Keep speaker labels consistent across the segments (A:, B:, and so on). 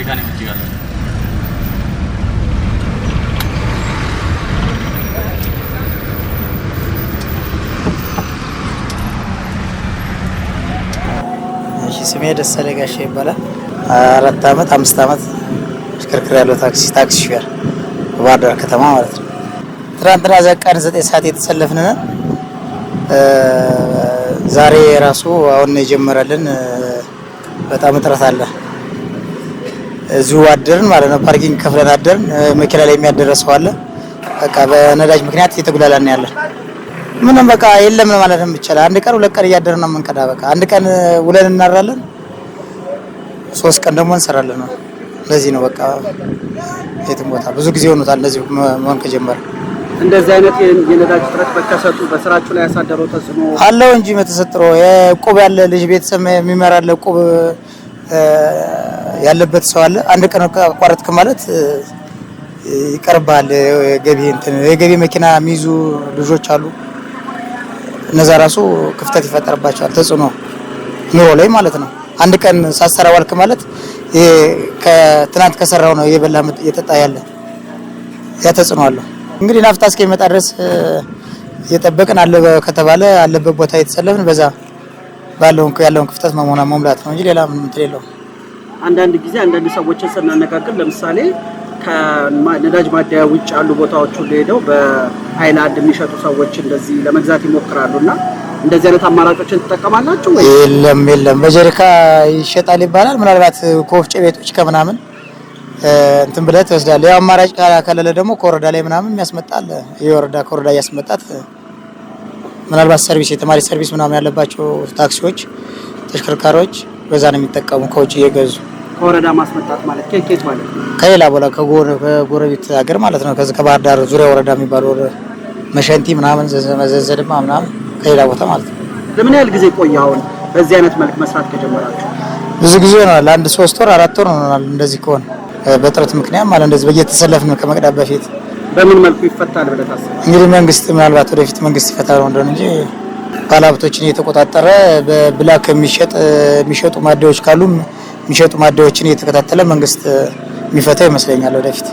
A: যেখানে উঠে গেল ስሜ ደሳሌ ጋሼ ይባላል።
B: አራት አመት አምስት አመት ሽክርክር ያለው ታክሲ ታክሲ ሹፌር በባህር ዳር ከተማ ማለት ነው። ትናንትና ዘቃን ዘጠኝ ሰዓት የተሰለፍን ዛሬ ራሱ አሁን የጀመረልን በጣም እጥረት አለ። እዚሁ አደርን ማለት ነው። ፓርኪንግ ከፍለን አደርን። መኪና ላይ የሚያደረሰው አለ። በቃ በነዳጅ ምክንያት እየተጉላላን ያለን ምንም በቃ የለም ማለት ነው የሚቻለው። አንድ ቀን ሁለት ቀን እያደርን ነው የምንቀዳ። በቃ አንድ ቀን ውለን እናራለን ሶስት ቀን ደግሞ እንሰራለን ነው። እንደዚህ ነው በቃ የትም ቦታ ብዙ ጊዜ ሆኖታል እንደዚህ መሆን ከጀመረ።
A: እንደዚህ አይነት የነዳጅ እጥረት መከሰቱ በስራችሁ ላይ ያሳደረው ተጽዕኖ
B: አለው እንጂ መተሰጥሮ የቁብ ያለ ልጅ ቤተሰብ የሚመራለ ቁብ ያለበት ሰው አለ። አንድ ቀን አቋረጥክ ማለት ይቀርባል። የገቢ እንትን የገቢ መኪና የሚይዙ ልጆች አሉ። እነዛ ራሱ ክፍተት ይፈጠርባቸዋል። ተጽዕኖ ኑሮ ላይ ማለት ነው። አንድ ቀን ሳሰራ ዋልክ ማለት ከትናንት ከሰራው ነው የበላ እየጠጣ ያለ ያ ተጽዕኖ አለው። እንግዲህ ናፍታ እስከሚመጣ ድረስ እየጠበቅን አለ ከተባለ አለበት ቦታ የተሰለፍን በዛ ባለውን ያለውን ክፍተት መሞና መሙላት ነው እንጂ ሌላ ምንም እንትን የለውም።
A: አንዳንድ ጊዜ አንዳንድ ሰዎችን ስናነጋግር ለምሳሌ ከነዳጅ ማደያ ውጭ ያሉ ቦታዎች ሁሉ ሄደው በሀይላንድ የሚሸጡ ሰዎች እንደዚህ ለመግዛት ይሞክራሉ እና እንደዚህ አይነት አማራጮችን ትጠቀማላችሁ?
B: የለም የለም፣ በጀሪካ ይሸጣል ይባላል። ምናልባት ከወፍጭ ቤቶች ከምናምን እንትን ብለህ ትወስዳለህ። ያው አማራጭ ከሌለ ደግሞ ከወረዳ ላይ ምናምን የሚያስመጣል የወረዳ ከወረዳ እያስመጣት ምናልባት ሰርቪስ የተማሪ ሰርቪስ ምናምን ያለባቸው ታክሲዎች፣ ተሽከርካሪዎች በዛ ነው የሚጠቀሙ ከውጭ እየገዙ
A: ከወረዳ ማስመጣት ማለት ኬኬት ማለት
B: ከሌላ ቦታ ከጎረቤት ሀገር ማለት ነው። ከዚህ ከባህር ዳር ዙሪያ ወረዳ የሚባሉ መሸንቲ ምናምን ዘንዘልማ ምናምን ከሌላ ቦታ ማለት ነው። ለምን ያህል ጊዜ ቆየ? አሁን በዚህ አይነት መልክ መስራት ከጀመራችሁ ብዙ ጊዜ ሆናል። አንድ ሶስት ወር አራት ወር ሆናል። እንደዚህ ከሆነ በጥረት ምክንያት ማለት እንደዚህ በየተሰለፍን ከመቅዳት በፊት በምን መልኩ ይፈታል ብለህ ታስባለህ? እንግዲህ መንግስት ምናልባት ወደፊት መንግስት ይፈታል እንደሆነ እንጂ ባለሀብቶችን እየተቆጣጠረ በብላክ የሚሸጥ የሚሸጡ ማደያዎች ካሉ የሚሸጡ ማደያዎችን እየተከታተለ መንግስት የሚፈታ ይመስለኛል ወደፊት።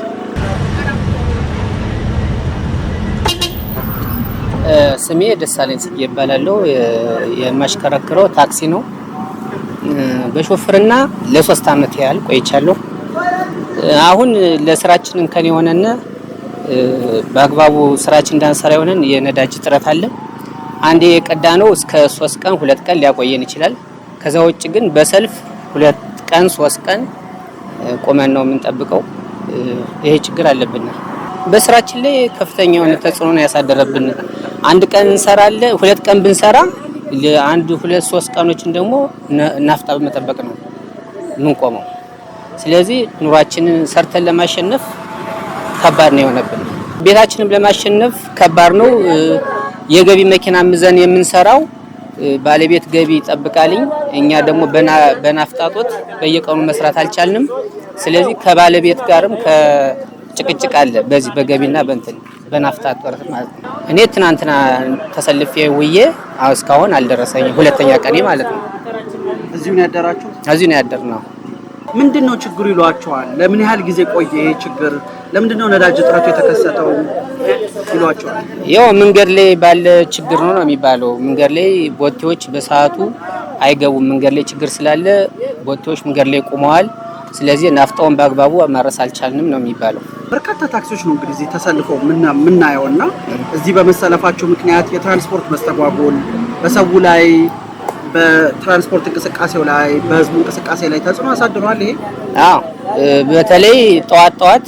B: ስሜ ደሳለኝ ጽጌ እባላለሁ። የማሽከረክረው ታክሲ ነው። በሾፍርና ለሶስት አመት ያህል ቆይቻለሁ። አሁን ለስራችን እንከን የሆነና በአግባቡ ስራችን እንዳንሰራ የሆነን የነዳጅ እጥረት አለ። አንዴ የቀዳ ነው እስከ ሶስት ቀን ሁለት ቀን ሊያቆየን ይችላል። ከዛ ውጭ ግን በሰልፍ ሁለት ቀን ሶስት ቀን ቆመን ነው የምንጠብቀው። ይሄ ችግር አለብን። በስራችን ላይ ከፍተኛ የሆነ ተጽዕኖ ነው ያሳደረብን። አንድ ቀን እንሰራለን፣ ሁለት ቀን ብንሰራ አንድ ሁለት ሶስት ቀኖችን ደግሞ ናፍጣ በመጠበቅ ነው የምንቆመው። ስለዚህ ኑሯችንን ሰርተን ለማሸነፍ ከባድ ነው የሆነብን። ቤታችንም ለማሸነፍ ከባድ ነው። የገቢ መኪና ምዘን የምንሰራው ባለቤት ገቢ ጠብቃልኝ፣ እኛ ደግሞ በናፍጣጦት በየቀኑ መስራት አልቻልንም። ስለዚህ ከባለቤት ጋርም ከጭቅጭቅ አለ በዚህ በገቢና በእንትን በናፍጣ ጦርት ማለት ነው። እኔ ትናንትና ተሰልፌ ውዬ እስካሁን አልደረሰኝ ሁለተኛ ቀኔ ማለት ነው። እዚሁ ነው ያደራችሁ? እዚሁ ነው ያደር ነው። ምንድን ነው ችግሩ ይሏቸዋል። ለምን ያህል ጊዜ ቆየ ይሄ ችግር? ለምንድን ነው ነዳጅ እጥረቱ የተከሰተው ይሏቸዋል። ያው መንገድ ላይ ባለ ችግር ነው ነው የሚባለው። መንገድ ላይ ቦቴዎች በሰዓቱ አይገቡም። መንገድ ላይ ችግር ስላለ ቦቴዎች መንገድ ላይ ቆመዋል። ስለዚህ ናፍጣውን በአግባቡ ማረስ አልቻልንም ነው የሚባለው። በርካታ ታክሲዎች ነው እንግዲህ ተሰልፈው ምናየው እና እዚህ በመሰለፋቸው ምክንያት የትራንስፖርት መስተጓጎል በሰው ላይ በትራንስፖርት እንቅስቃሴው ላይ በህዝቡ እንቅስቃሴ ላይ ተጽዕኖ አሳድሯል። ይሄ አዎ፣ በተለይ ጠዋት ጠዋት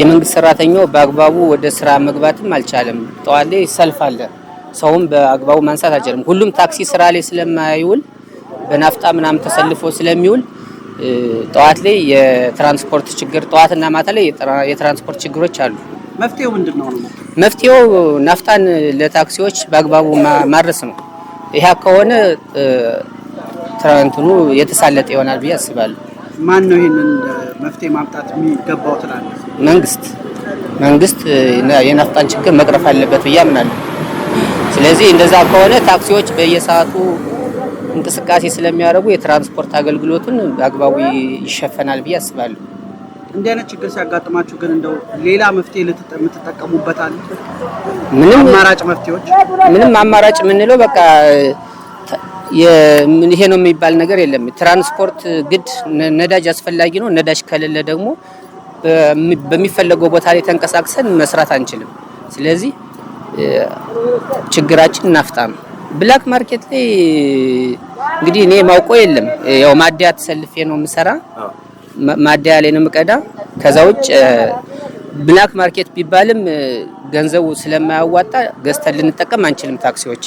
B: የመንግስት ሰራተኛው በአግባቡ ወደ ስራ መግባትም አልቻለም። ጠዋት ላይ ሰልፍ አለ። ሰውም በአግባቡ ማንሳት አልቻለም። ሁሉም ታክሲ ስራ ላይ ስለማይውል በናፍጣ ምናምን ተሰልፎ ስለሚውል ጠዋት ላይ የትራንስፖርት ችግር ጠዋትና ማታ ላይ የትራንስፖርት ችግሮች አሉ። መፍትሄው ምንድን ነው? መፍትሄው ናፍጣን ለታክሲዎች በአግባቡ ማድረስ ነው። ይሄ ከሆነ ትራንቱኑ የተሳለጠ ይሆናል ብዬ አስባለሁ። ማን ነው ይሄንን መፍትሄ ማምጣት የሚገባው ትላለህ? መንግስት መንግስት የናፍጣን ችግር መቅረፍ አለበት ብዬ አምናለሁ። ስለዚህ እንደዛ ከሆነ ታክሲዎች በየሰዓቱ እንቅስቃሴ ስለሚያደርጉ የትራንስፖርት አገልግሎቱን አግባቡ ይሸፈናል ብዬ አስባለሁ። እንዲህ አይነት ችግር ሲያጋጥማችሁ ግን እንደው ሌላ መፍትሄ የምትጠቀሙበት አለ? ምንም አማራጭ መፍትሄዎች? ምንም አማራጭ የምንለው በቃ ይሄ ነው የሚባል ነገር የለም። ትራንስፖርት ግድ፣ ነዳጅ አስፈላጊ ነው። ነዳጅ ከሌለ ደግሞ በሚፈለገው ቦታ ላይ ተንቀሳቅሰን መስራት አንችልም። ስለዚህ ችግራችን ናፍጣ ነው። ብላክ ማርኬት ላይ እንግዲህ እኔ ማውቀው የለም። ያው ማዲያ ተሰልፌ ነው የምሰራ ማደያ ላይ ነው የምቀዳ። ከዛ ውጭ ብላክ ማርኬት ቢባልም ገንዘቡ ስለማያዋጣ ገዝተን ልንጠቀም አንችልም ታክሲዎች